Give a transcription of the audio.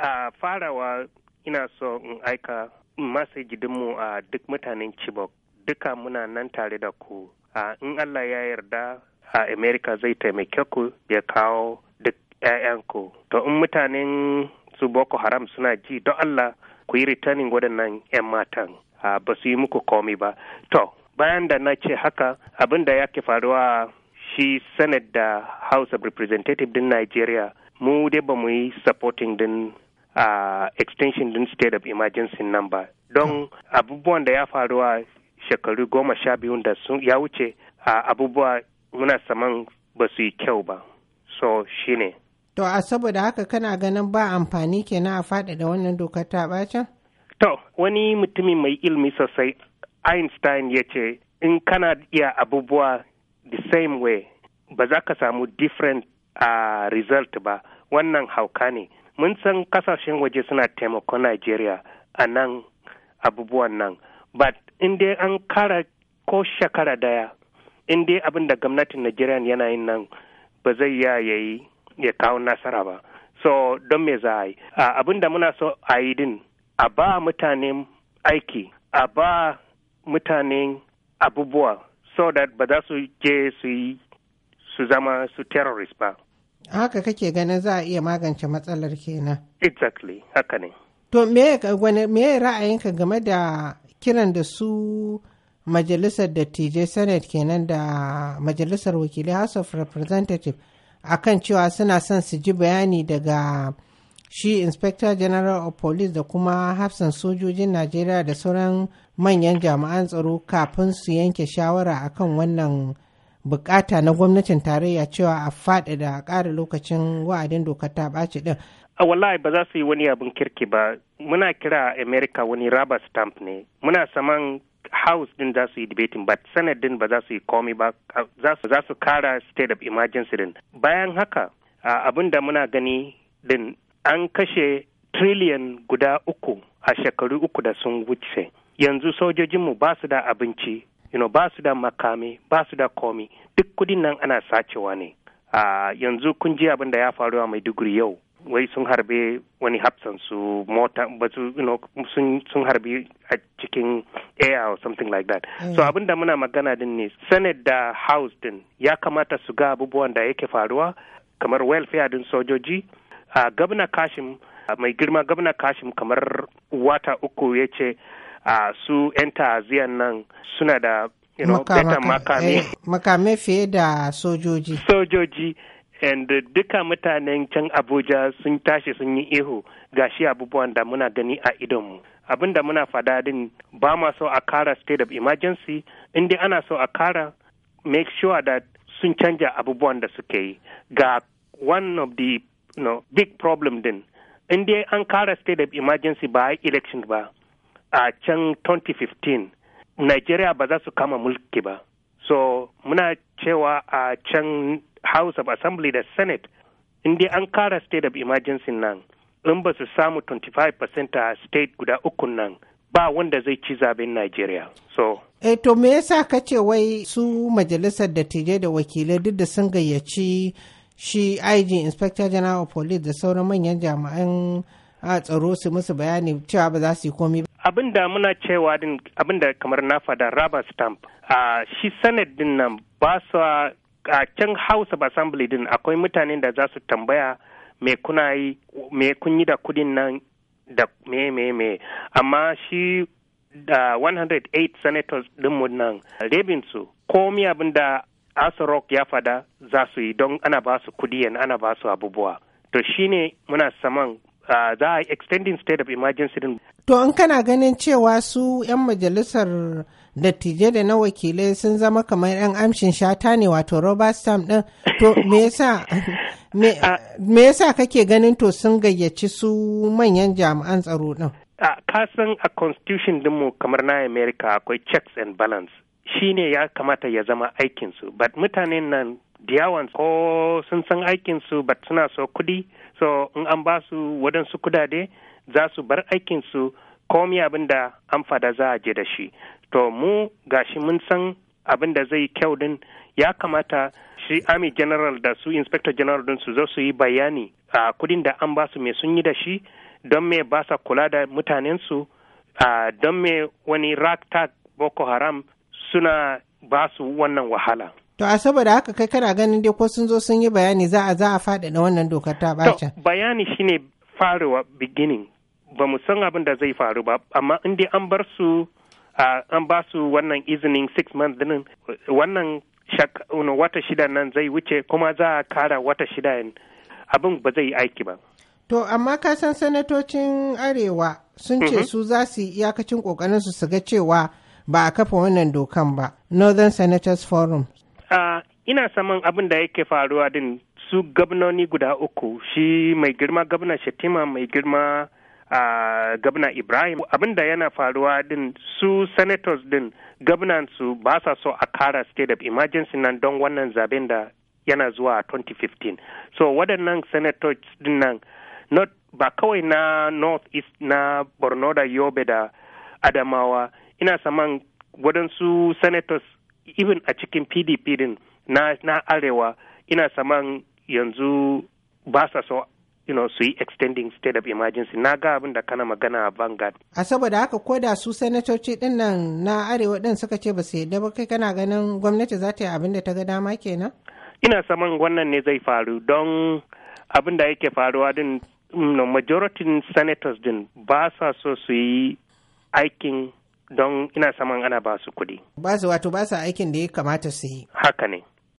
a farawa ina so in aika masaji dinmu a duk mutanen Chibok duka muna nan tare da ku a in Allah ya yarda a Amerika zai taimake ku ya kawo duk ku. to in mutanen su Boko Haram suna ji don Allah ku yi returning waɗannan 'yan matan ba su yi muku komi ba to bayan da na ce haka abin da yake faruwa shi senate da house of representative din nigeria mu dai ba mu yi supporting din uh, extension din state of emergency number don abubuwan da ya faru a shekaru goma sha biyun da sun ya wuce uh, abubuwa muna saman ba su yi kyau ba so shine to a saboda haka kana ganin ba amfani kenan a da wannan dokar ta bacin to wani mutumi mai ilmi sosai einstein ya ce in kana iya abubuwa the same way ba za ka samu different uh, result ba wannan hauka ne mun san kasashen waje suna taimakon Najeriya a nan abubuwan nan but in dai an kara ko shekara daya in dai abin da gwamnatin Najeriya yana yin nan ba zai ya yayi ya kawo nasara ba so don me za a yi abin da muna so a yi din a ba mutane aiki a ba mutane abubuwa so that ba za su je su yi su zama su terrorist ba Haka kake ganin za a iya magance matsalar kenan. Exactly, haka ne. To me ya ra'ayinka game da kiran da su majalisar dattijai senate kenan da majalisar wakilai house of representatives a kan cewa suna son su ji bayani daga shi inspector general of police da kuma hafsan sojojin najeriya da sauran manyan jami'an tsaro kafin su yanke shawara akan wannan bukata na gwamnatin tarayya cewa a faɗi a ƙara lokacin wa'adin dokar ta ɓaci ɗin. A wallahi ba za su yi wani abin kirki ba. Muna kira America wani raba stamp ne. Muna saman House din za su yi debating but Senate din ba za su yi komi ba za su kara state of emergency din. Bayan haka abin da muna gani din an kashe trillion guda uku a shekaru uku da sun wuce. Yanzu sojojinmu ba su da abinci you know, ba su da makami ba su da komi duk kudin nan ana sacewa ne uh, yanzu kun ji abin da ya faru a maiduguri yau wai sun harbe wani hapsan su mota ba su you know, sun, sun harbe a cikin air or something like that mm. so abin da muna magana din ne senate da house din ya kamata su ga abubuwan da yake faruwa kamar welfare din sojoji uh, gabna kashim uh, mai girma gabna kashim kamar wata uku ya ce a su 'yan ta'aziyar nan suna da you know, maka, maka, Eh, makame fiye da sojoji. Sojoji. And uh, duka mutanen can Abuja sun tashi sun yi ihu ga shi abubuwan da muna gani a idonmu. Abin da muna fada din ba ma so a kara state of emergency, inda ana so a kara make sure that sun canja abubuwan da suke yi. Ga one of the you know, big problem din, inda an kara state of emergency ba election ba. a can 2015 Nigeria ba za su kama mulki ba. So muna cewa a can House of Assembly da Senate inda an kara state of emergency nan in ba su samu 25% a state guda uku nan ba wanda zai ci zaben nigeria So, e to me yasa ka ce wai su majalisar dattijai da wakilai duk da sun gayyaci shi IG Inspector General of Police da sauran manyan jami'an tsaro su musu bayani cewa ba za su yi komi abin da muna cewa din abin da kamar na fada raba stamp a shi senate din nan ba su a can house of assembly din akwai mutanen da za su tambaya me kuna yi me kun yi da kudin nan da me me me amma shi da 108 senators dinmu nan su komi abin da rock ya fada za su yi don ana ba su kudi ana ba su abubuwa to shine muna saman za a extending state of emergency din To in kana ganin cewa su 'yan majalisar dattijai da na wakilai sun zama kamar 'yan amshin shata ne wato Robert Stam ɗin to me yasa kake ganin to sun gayyaci su manyan jami'an tsaro din? A kasan a constitution dinmu kamar na America akwai checks and balance shi ne ya kamata ya zama aikinsu but mutanen nan yawan ko sun san aikinsu but suna so kudi so in an ba su waɗansu kudade za su bar aikinsu komi abin da an fada za a je da shi to mu gashi mun san abin da zai kyau din ya kamata shi army general da su inspector general din su zo su yi bayani a kudin da an ba su me sun yi da shi don me ba sa kula da mutanensu don me wani ragtag boko haram suna ba su wannan wahala To a saboda haka kai kana ganin dai ko sun zo sun yi bayani za a za a faɗaɗa wannan dokar ta Bayani shine farewa beginning ba mu san abin da zai faru ba amma in dai an bar su an ba su wannan izinin six months din wannan wata shida nan zai wuce kuma za a kara wata shida abin ba zai aiki ba To, amma ka san sanatocin Arewa sun ce mhm. su za su yi iyakacin kokarin su su ga cewa ba a kafa wannan dokan ba, Northern Senators Forum. ina saman abin da yake faruwa din su gabnoni guda uku, shi mai girma gabna Shatima mai girma a gabna ibrahim abinda yana faruwa din su senators din su ba sa so a kara state of emergency nan don wannan zaben da yana zuwa 2015 so waɗannan senators din nan not ba kawai na north east na borno da yobe da adamawa ina saman waɗansu senators even a cikin pdp din na arewa ina saman yanzu ba sa so you know, su yi extending state of emergency na ga abin da kana magana a vanguard. a saboda haka ko da su sanatoci din nan na arewa din suka ce ba su yadda ba kai kana ganin gwamnati za ta yi abin da ta ga dama kenan ina saman wannan ne zai faru don abin da yake faruwa din mm, no, majority senators din ba sa so su yi aikin don ina saman ana ba su kuɗi. ba su wato ba su aikin da ya kamata su yi haka ne